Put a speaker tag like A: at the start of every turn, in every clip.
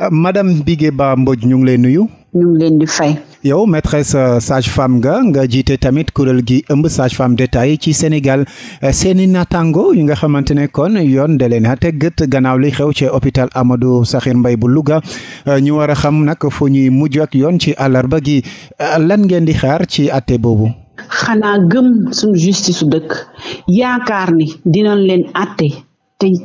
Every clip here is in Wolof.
A: Euh, madame Bigué Ba Mbodj ñu ngi lay nuyu. ñu leen di fay. yow maîtresse euh, sage-femme nga nga jiite tamit kuréel gi ëmb sage-femme d'État yi ci senegal euh, seeni naataango yi nga xamante ne kon yoon de leen a teg gët gannaaw li xew ci opital amado Sakhir mbay bu luga ñu war a xam nag fu ñuy mujj ak yoon ci àllarba gi lan ngeen di xaar ci àtte boobu. xanaa gëm suñu justice su dëkk yaakaar ni
B: dinañ leen àtte.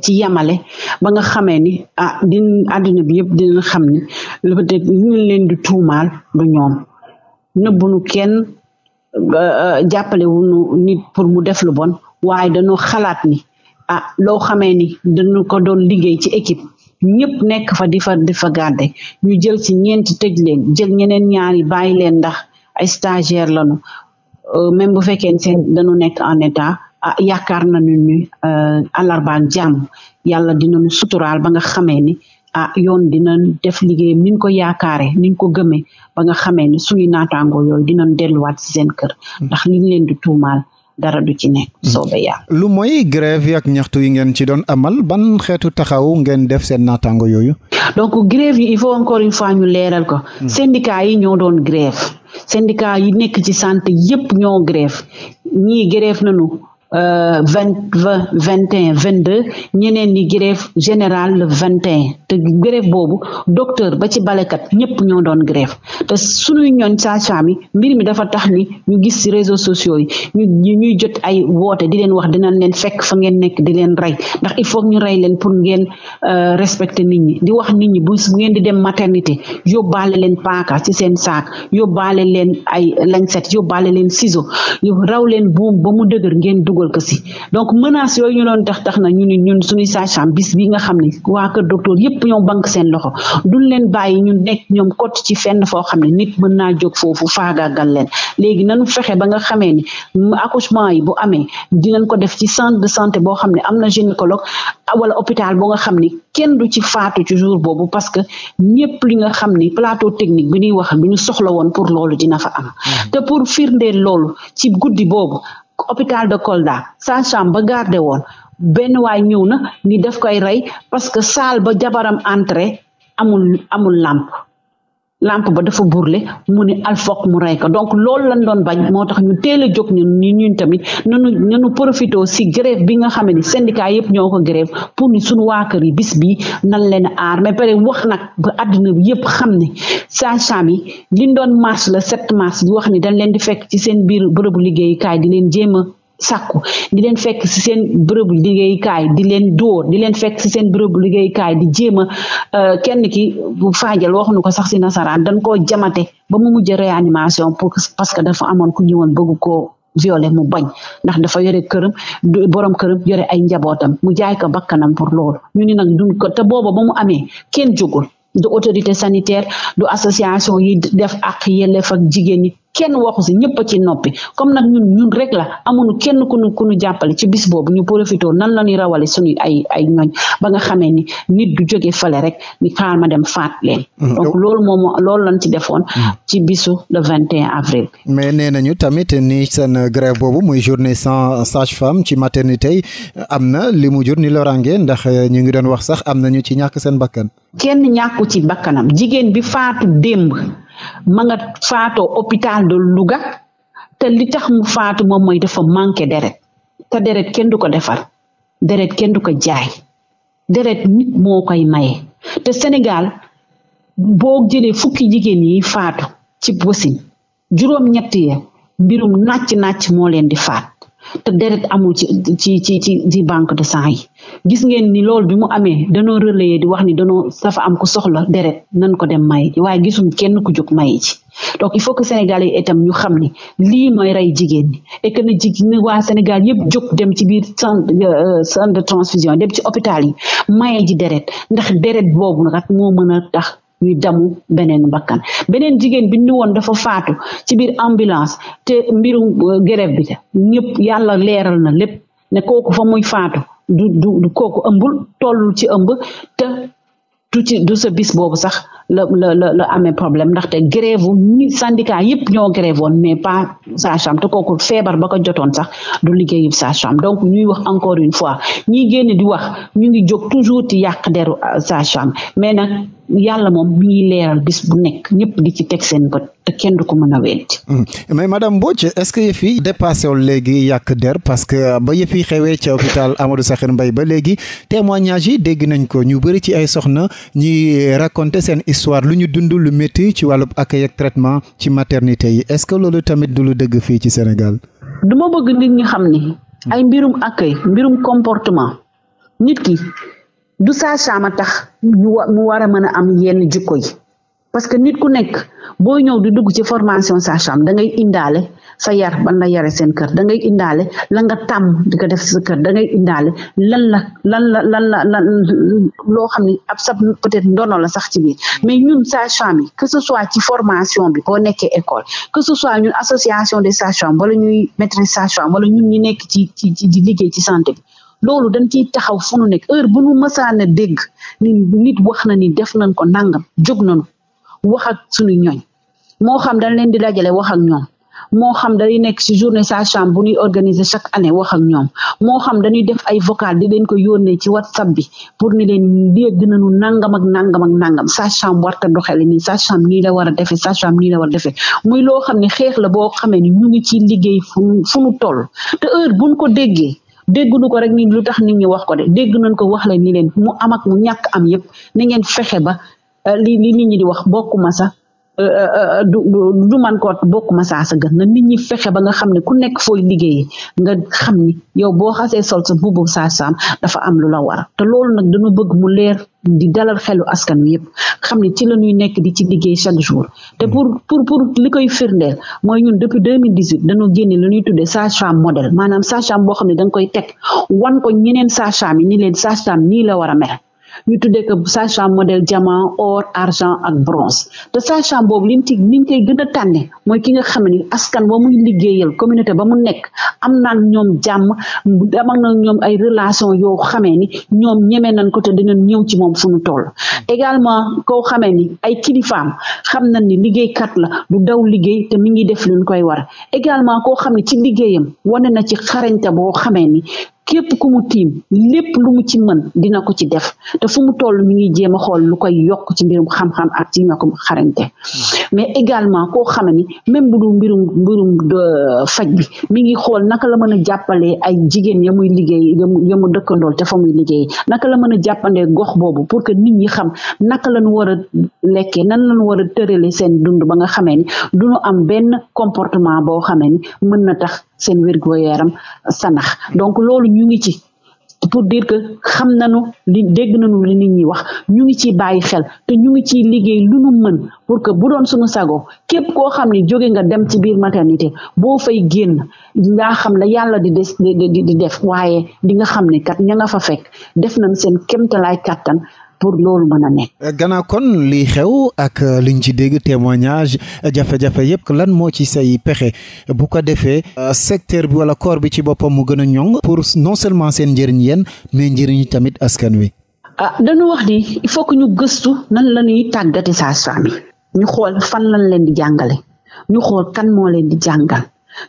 B: ci yamale ba nga xamee ni ah din àddina bi yëpp dina xam ni lu peut-être leen di tuumaal du ñoom nëbbunu kenn ah, jàppale wuñu nit pour mu def lu bon waaye dañoo xalaat ni ah loo xamee ni dañu ko doon liggéey ci équipe ñëpp nekk fa di fa di fa ñu jël ci ñeenti tëj leen jël ñeneen ñaari bàyyi leen ndax ay stagiaire lañu euh, même bu fekkee seen dañu nekk en état ah yaakaar nañu ni eh, àllarbaak jàmm yàlla dinañu suturaal ba nga xamee ni ah yoon dinañ def liggéeyam niñ ko yaakaare niñ ko gëmee ba nga xamee ni suñu naataangoo yooyu dinañ delluwaat ci seen kër hmm. ndax liñ leen di tuumaal dara du ci nekk hmm.
A: lu mooy grève yi ñaxtu yi ngeen ci doon amal ban xeetu taxaw ngeen def seen naataango yooyu. donc
B: grève yi il faut encore une fois ñu leeral ko. Hmm. syndicat yi ñoo doon grève syndicat yi nekk ci santé yépp ñoo grève ñii grève nañu. Euh, vingt vingt vingt et un vingt deux ñeneen ñi grève générale le vingt et un te boobu docteur ba ci balekat ñëpp ñoo doon grève te suñuy ñooñ sage-femme mbir mi dafa tax ni ñu gis ci réseaux sociaux yi ñu ñuy jot ay woote di leen wax dinañ leen fekk fa ngeen nekk di leen rey ndax il faut ñu rey leen pour ngeen euh, respecter nit ñi di wax nit ñi bu ngeen di dem maternité yóbbaale leen paaka ci seen saak yóbbaale leen ay lañset yóbbaale leen ciseau raw leen buum ba mu dëgër ngeen dugal ko si donc menaces yooyu ñu doon tax tax na ñu ni ñun suñuy sage-femme bis nga xam ne waa kër docteur yëpp ñoom banque seen loxo duñ leen bàyyi ñun nekk ñoom kot ci fenn foo xam ne nit mën naa jóg foofu faagaagal leen léegi nan fexe ba nga xamee ni accouchement yi bu amee dinañ ko def ci centre de santé boo xam ne am na gynécologue wala hôpital boo nga xam ni kenn du ci faatu ci jour boobu parce que ñëpp li nga xam ni plateau technique bi ñuy wax bi ñu soxla woon pour loolu dina am mm-hmm. hôpital de Kolda sage-femme ba garde woon benn waay ñëw na ni daf koy rey parce que salle ba jabaram entrée amul amul làmp lampe ba dafa burle mu ne alfook mu rey ko donc loolu lañ doon bañ moo tax ñu teel a jóg ñun ñun tamit nanu nanu profité si grève bi nga xam ne syndicat yëpp ñoo ko grève pour ni suñu waa kër yi bis bi nan leen aar mais pare wax nag ba àdduna bi yëpp xam ne sage-femme yi liñ doon marche le 7 mars di wax ni dañ leen di fekk ci seen biir bërëbu liggéeyukaay di leen jéem a sàkku di leen fekk si seen bërëbu liggéeykaay di leen dóor di leen fekk ci seen bërëbu liggéeykaay di jéem a euh, kenn ki faajal waxuñu ko sax ci nasaraan dañ koo jamate ba mu mujj réanimation pour parce que dafa amoon ku ñëwoon bëgg ko violé mu bañ ndax dafa yore këram borom këram yore ay njabootam mu jaay ko bakkanam pour loolu ñu ni nag duñ ko te booba ba mu amee kenn jógul du autorité sanitaire du association yi def ak yelleef fa jigéen ñi kenn waxu si ñëpp ci noppi comme nag ñun ñun rek la amuñu kenn ku ñu ku jàppale ci bis boobu ñu profité nan la ñuy rawale suñu ay ay ñooñ ba nga xamee ni nit du jógee fale rek ni xaar ma dem faat leen. Mm-hmm. donc
A: loolu moom loolu lañ ci defoon. Mm-hmm. ci bisu le 21 avril. mais nee nañu tamit ni seen grève boobu muy journée sans sage-femme ci maternité am na li mu jur ni loraange ndax ñu ngi doon wax sax am na ñu ci ñàkk seen mbakkan
B: kenn ñàkku ci bakkanam jigéen bi faatu démb. ma nga faatoo hôpital de Louga te li tax mu faatu moom mooy dafa manqué deret te deret kenn du ko defar deret kenn du ko jaay deret nit moo koy maye te Sénégal boo jëlee fukki jigéen yi faatu ci wasin juróom ñett ya mbirum nàcc nàcc moo leen di faat te deret amu ci ci ci ci ci banque de sang yi gis ngeen ni loolu bi mu amee danoo relayer di wax ni danoo dafa am ku soxla deret nan ko dem may ji waaye gisuñ kenn ku jóg may ji donc il faut que Sénégalais yi itam ñu xam ni lii mooy rey jigéen ñi et na jig na waa Sénégal yëpp jóg dem ci biir centre euh, centre de transfusion dem ci hôpital yi maye ji deret ndax deret boobu nag moo mën tax ñu damu beneen bakkan beneen jigéen bi ñu woon dafa faatu ci biir ambulance te mbirum euh, grève bi te ñëpp yàlla leeral na lépp ne kooku fa muy faatu du du kooku ëmbul tollul ci ëmb te du ci du sa boobu sax la la la la amee problème ndaxte grève ñi syndicat yëpp ñoo grève woon mais pas sage te kooku feebar ba ko jotoon sax du liggéeyu sage-femme donc ñuy wax encore une fois ñi génn di wax ñu ngi jóg toujours ci yàq deru euh, sage-femme yàlla moom mi ngi leeral bis bu nekk ñëpp di ci teg seen bët te kenn du ko mën a weddi.
A: Hmm. mais madame Mbodj est-ce que yëf yi dépassé wul léegi yàq der parce que ba yëf yi xewee ca hôpital Amadou Sakhir Mbaye ba léegi témoignage yi dégg nañ ko ñu bëri ci ay soxna ñi raconter seen histoire lu ñu dund lu métti ci wàllu accueil ak traitement ci maternité yi est-ce que loolu tamit du lu dëgg fii ci Sénégal.
B: duma bëgg nit ñi xam ni. ay mbirum accueil mbirum comportement nit ki. du sage-femme a tax mu war a mën a am yenn jikko yi parce que nit ku nekk boo ñëw di dugg ci formation sage-femme da ngay indaale sa yar ban la yare seen kër da ngay indaale la nga tàmm di ko def sa kër da ngay indaale lan la lan la lan la lan loo xam ne ab sab peut-être ndono la sax ci biir mais ñun sage-femme yi que ce soit ci formation bi boo nekkee école que ce soit ñun association des sages wala ñuy maîtresse sage wala ñun ñu nekk ci ci ci di liggéey ci santé loolu dañ ciy taxaw fu nu nekk heure bu nu mësaan a dégg ni nit wax na ni def nañ ko nangam jóg nañu wax ak suñu ñooñ moo xam dañ leen di dajale wax ak ñoom moo xam dañuy nekk ci journée sage-femme bu ñuy organiser chaque année wax ak ñoom moo xam dañuy def ay vocal di leen ko yónnee ci whatsapp bi pour ni leen dégg nañu nangam ak nangam nangam sage-femme warta doxale nii sage-femme nii la war a defee sage-femme nii la war a defee muy loo xam ne xeex la boo xamee ni ñu ngi ci liggéey fu fu nu toll te heure buñ ko déggee déggnu ko rek ni lu tax nit ñi wax ko de dégg nañ ko wax leen ni leen mu amak mu ñàkk am yépp na ngeen fexe ba euh, li li nit ñi di wax bokkuma sax Euh, euh, euh, du du man koo bokk ma saa sa gën na nit ñi fexe ba nga xam ne ku nekk fooy liggéey nga xam ni yow boo xasee sol sa mbubu saa saam dafa am lu la war te loolu nag dañu bëgg mu leer di dalal xelu askan wi yëpp xam ne ci la nuy nekk di ci liggéey chaque jour te pour pour pour li koy firndeel mooy ñun depuis 2018 dañoo génne la ñuy tuddee sage-femme modèle maanaam sage-femme boo xam ne da koy teg wan ko ñeneen sage-femme ni leen sage-femme la war a ñu tuddee ko sage femme modèle diamant or argent ak bronze te sage femme boobu liñ ci liñ koy gën a tànne mooy ki nga xam ni askan ba muy liggéeyal communauté ba mu nekk am naa ñoom jàmm am na ñoom ay relation yoo xamee ni ñoom ñemee nañ ko te dinañ ñëw ci moom fu ñu toll également koo xamee ni ay kilifaam xam nañ ni liggéeykat la du daw liggéey te mi ngi def luñ koy wara également koo xam ne ci liggéeyam wane na ci xarañte boo xamee ni képp ku mu tiim lépp lumu ci mën dina ko ci def te fu mu toll mi ngi jéem a xool lu koy yokk ci mbirum xam-xam ak ci nga ko xarañte hmm. mais également koo xam ni même bu du mbirum mbirum faj bi mi ngi xool naka la mën a jàppalee ay jigéen ya muy liggéey ya mu dëkkandool te fa muy liggéey naka la mën a jàppalee gox boobu pour que nit ñi xam naka lañu war a lekkee nan lañu war a tërale seen dund ba nga xamee ni duñu am benn comportement boo xamee ni mën na tax seen wér-gu-yaram sanax donc loolu ñu ngi ci pour dire que xam nañu li dégg nañu li nit ñi wax ñu ngi ciy bàyyi xel te ñu ngi ciy liggéey lu nu mën pour que bu doon suñu sago képp koo xam ne jóge nga dem ci biir maternité boo fay génn ngaa xam la yàlla di des di di def waaye di nga xam ne kat ña nga fa fekk def nañ seen kéemtalaay kàttan pour loolu mën a nekk.
A: Eh, gannaaw kon liy xew ak liñ ci dégg témoignage eh, jafe-jafe yëpp lan moo ci say pexe bu ko defee eh, secteur bi wala koor bi ci boppam mu gën a ñoŋ pour non seulement seen njëriñ yéen mais njëriñ tamit askan wi.
B: ah dañu wax ni il ñu gëstu nan lañuy tàggati tàggate saa saa mi ñu xool fan lañ leen di jàngale ñu xool kan moo leen di jàngal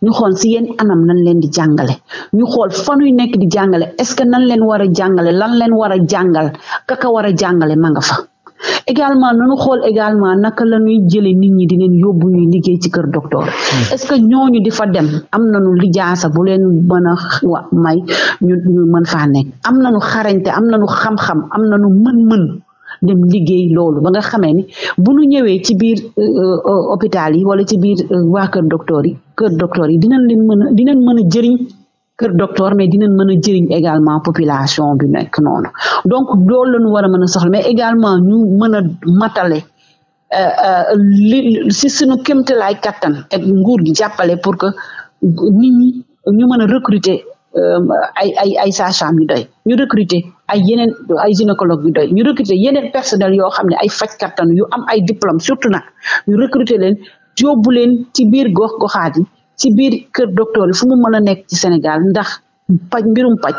B: ñu xool si yenn anam nan leen di jàngale ñu xool fanuy nekk di jàngale est-ce que nan leen war a jàngale lan leen war a jàngal kaka war a jàngale ma nga fa également nañu xool également naka la ñuy jëlee nit ñi di leen yóbbu liggéey ci kër docteur hmm. est-ce que ñooñu di fa dem am na nañu lijaasa bu leen mën a wa may ñu ñu mën faa nekk am nañu xarañte am nañu xam-xam am nañu mën-mën dem liggéey loolu ba nga xamee ni bu ñu ñëwee ci biir euh, euh, hôpital yi wala ci biir euh, waa kër docteur yi kër docteur yi dinañ leen mën a dinañ mën a jëriñ kër docteur mais dinan mën a jëriñ également population bi nekk noonu donc loolu lañu war a mën a soxla mais également ñu mën a matale euh, euh, li si suñu kémtalaay kattan ak nguur gi jàppale pour que nit ñi ñu mën a recruter euh, ay ay ay sage-femme yu doy ñu recruter ay yeneen ay gynécologue yu doy ñu recruter yeneen personnel yoo xam ne ay faj kattan yu am ay diplôme surtout nag ñu recruter leen yóbbu leen ci biir gox goxaat yi ci biir kër docteur yi fu mu mën a nekk ci Sénégal ndax paj mbirum paj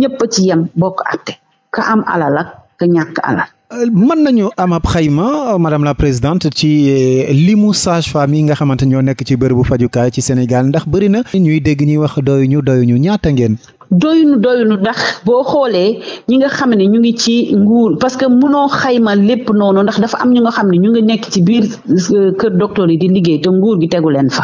B: ñëpp a ci yem bokk atte ka am alal ak ka ñàkk alal
A: euh, mën nañu am ab xayma madame la présidente ci euh, limu sage-femme yi nga xamante ñoo nekk ci bërëbu fajukaay ci Sénégal ndax bëri na ñuy dégg ñuy wax doyuñu doyuñu ñaata ngeen doyunu doyunu ndax
B: boo xoolee ñi nga xam ne ñu ngi ci nguur parce que munoo xayma lépp noonu ndax dafa am ñu nga xam ne ñu ngi nekk ci biir euh, kër docteur yi di liggéey te nguur gi tegu leen fa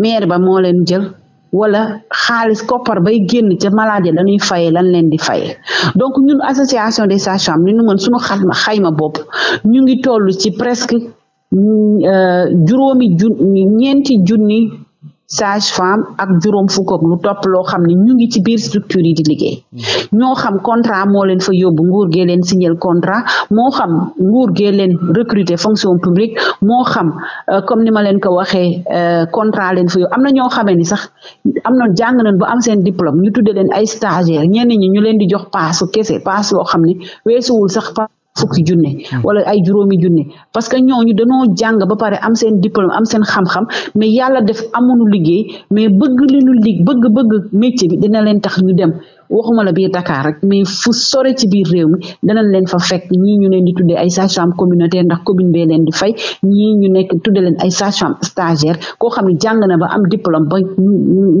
B: maire ba moo leen jël wala xaalis koppar bay génn ca malaaje lañuy ñuy fayee lan leen di fayee donc ñun association des sages-femmes li ñu mën suñu xayma xayma bopp ñu ngi toll ci presque euh, juróomi jun ñeenti junni sage femme ak juróom fukk ak lu topp loo xam ne ñu ngi ci biir structure yi di liggéey mm-hmm. ñoo xam contrat moo leen fa yóbbu nguur gee leen signal contrat moo xam nguur gee leen recruter fonction publique moo xam euh, comme ni ma leen ko waxee euh, contrat leen fa yóbbu am na ñoo xamee ni sax am na jàng nañ ba am seen diplôme ñu tudde leen ay stagiaire ñenn ñi ñu leen di jox paasu kese paas yoo xam ne sax fukki junne hmm. wala ay juróomi junne parce que ñooñu dañoo jàng ba pare am seen diplôme am seen xam-xam mais yàlla def amuñu liggéey mais bëgg li ñu lig bëgg bëgg métier bi dina leen tax ñu dem waxuma la biir Dakar rek mais fu sore ci biir réew mi danañ leen fa fekk ñii ñu leen di tuddee ay sage-femme communautaire ndax commune bee leen di fay ñii ñu nekk tuddee leen ay sage-femme stagiaire koo xam ne jàng na ba am diplôme ba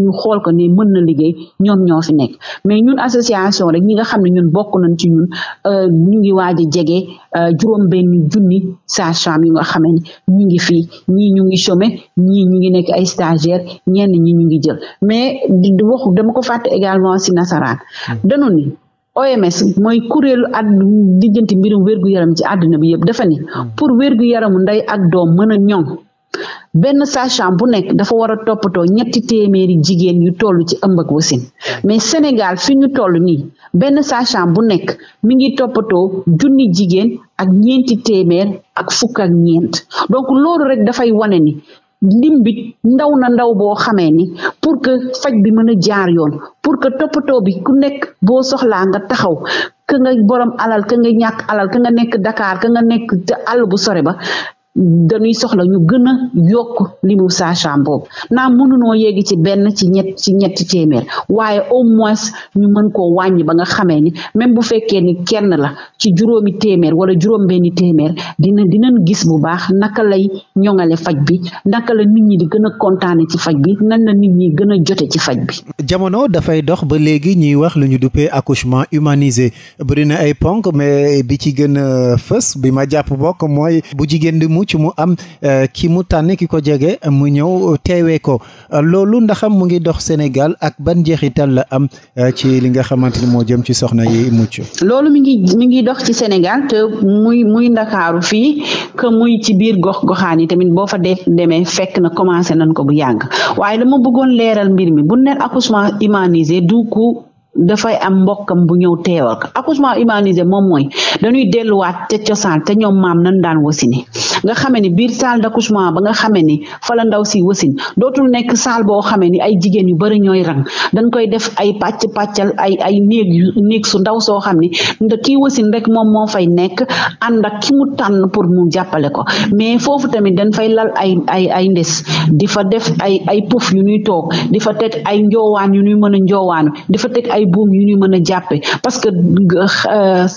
B: ñu xool ko ne mën na liggéey ñoom ñoo fi nekk mais ñun association rek ñi xam ne ñun bokk nañ ci ñun euh, ñu ngi waaj a jege euh, juróom benn junni sage-femme yu nga xamee ñu ngi fii ñii ñu ngi chômer ñii ñu ngi nekk ay stagiaire ñenn ñi ñu ngi jël mais di wax dama ko fàtte également si nasaraan Sénégal dañu ni OMS mooy kuréelu at dijjanti mbirum wérgu yaram ci àddina bi yëpp dafa ni pour wérgu yaramu ndey ak doom mën a ñoŋ benn sage bu nekk dafa war a toppatoo ñetti téeméeri jigéen yu toll ci ëmb ak wasin mais Sénégal fi ñu toll nii benn sage bu nekk mu ngi toppatoo junni jigéen ak ñeenti téeméer ak fukk ak ñeent donc loolu rek dafay wane ni lim bi ndaw na ndaw boo xamee ni pour que faj bi mën a jaar yoon pour que toppatoo bi ku nekk boo soxlaa nga taxaw ka nga borom alal ka nga ñàkk alal ka nga nekk Dakar ka nga nekk àll bu sore ba dañuy soxla ñu gën a yokk limu sage-femme boobu naa mënunoo yéegi ci benn ci ñett ci ñetti téeméer waaye au moins ñu mën koo wàññi ba nga xamee ni même bu fekkee ni kenn la ci juróomi téeméer wala juróom benni téeméer dina dinañ gis bu baax naka lay ñoŋale faj bi naka la nit ñi gën a kontaane ci faj bi nan la nit ñi gën a
A: jote ci faj bi jamono dafay dox ba léegi ñuy wax lañu ñu duppee accouchement humanisé bëri na ay ponk mais bi ci gën a fës bi ma jàpp bokk mooy bu jigéen di mu ci mu am euh, ki mu tànn ki ko jege mu ñëw teewee ko loolu ndaxam mu ngi dox Sénégal ak ban njeexital la am euh, ci li nga xamante ni moo jëm ci soxna yi mucc.
B: loolu mi ngi mi ngi dox ci Sénégal te muy muy ndakaaru fii que muy ci biir gox goxaan yi tamit boo fa def demee fekk na commencé nañ ko bu yàgg waaye dama bëggoon leeral mbir mi bu ne accouchement humanisé du ko dafay am mbokkam bu ñëw teewal ko accouchement humanisé moom mooy dañuy delluwaat ca cosaan te ñoom maam nan daan wasine nga xame ni biir salle d'accouchement ba nga xame ni fa ndaw si wasin dootul nekk salle boo xamee ni ay jigéen yu bëri ñooy rang dañ koy def ay pàcc pàccal ay ay néeg néeg su ndaw soo xam ni nda kii wasin rek moom moo fay nekk ànd ak ki mu tànn pour mu jàppale ko mais foofu tamit dañ fay lal ay ay ay ndes di fa def ay ay puf yu ñuy toog di fa teg ay njoowaan yu ñuy mën a njoowaanu ay buum yu ñu mën a jàppe parce que euh,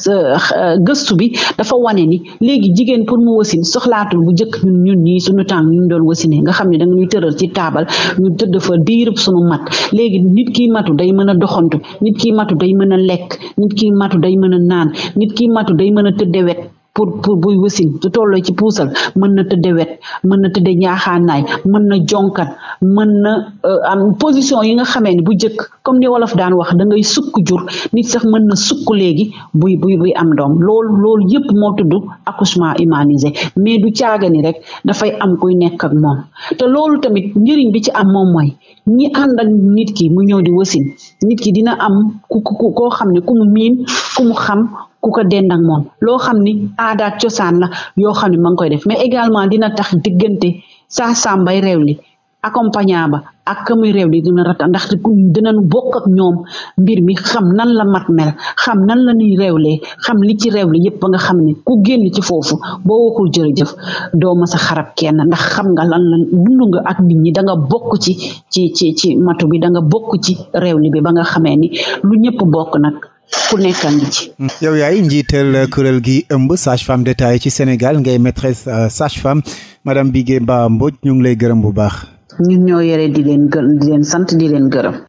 B: euh, gëstu bi dafa wane ni léegi jigéen pour mu wasin soxlaatul bu njëkk ñun ñun ñii suñu temps ñu doon wasine nga xam ne da nga ñuy tëral ci taabal ñu tëdd fa diirub suñu mat léegi nit kii matu day mën a doxantu nit kii matu day mën a lekk nit ki matu day mën a naan nit kii matu day mën a tëdde wet pour pour buy wasin du tolloo ci puusal mën na tëdde wet mën na tëdde ñaaxaanaay mën na jonkat mën na euh, am position yi nga xamee ne bu jëkk comme ni wolof daan wax da ngay sukk jur nit sax mën na sukk léegi buy buy buy am doom loolu loolu yëpp moo tudd accouchement humanisé mais du caaga ni rek dafay am kuy nekk ak moom te loolu tamit njëriñ bi ci am moom mooy ñi ànd nit ki mu ñëw di wasin nit ki dina am ku xam ne ku miin ku xam ku ko dend ak moom loo xam ni aadaat cosaan la yoo xam ne ma ngi koy def mais également dina tax diggante saa sàmbay réew li accompagnant ba ak ka muy réew li dina rata ndax ku dinañ bokk ñoom mbir mi xam nan la mat mel xam nan la ñuy réewlee xam li ci réew li yépp ba nga xam ni ku génn ci foofu boo waxul jërëjëf doo ma sa xarab kenn ndax xam nga lan la dund nga ak nit ñi da nga bokk ci ci ci ci matu bi da nga bokk ci réew li bi ba nga xamee ni lu ñëpp bokk nag ku nekk a ngi
A: yow yaay njiital kuréel gi ëmb sage femme ci Sénégal ngay maîtresse euh, sage femme madame Bigué Ba Mbodj ñu ngi lay gërëm bu baax.
B: ñu ñoo yore di di leen sant di leen gërëm.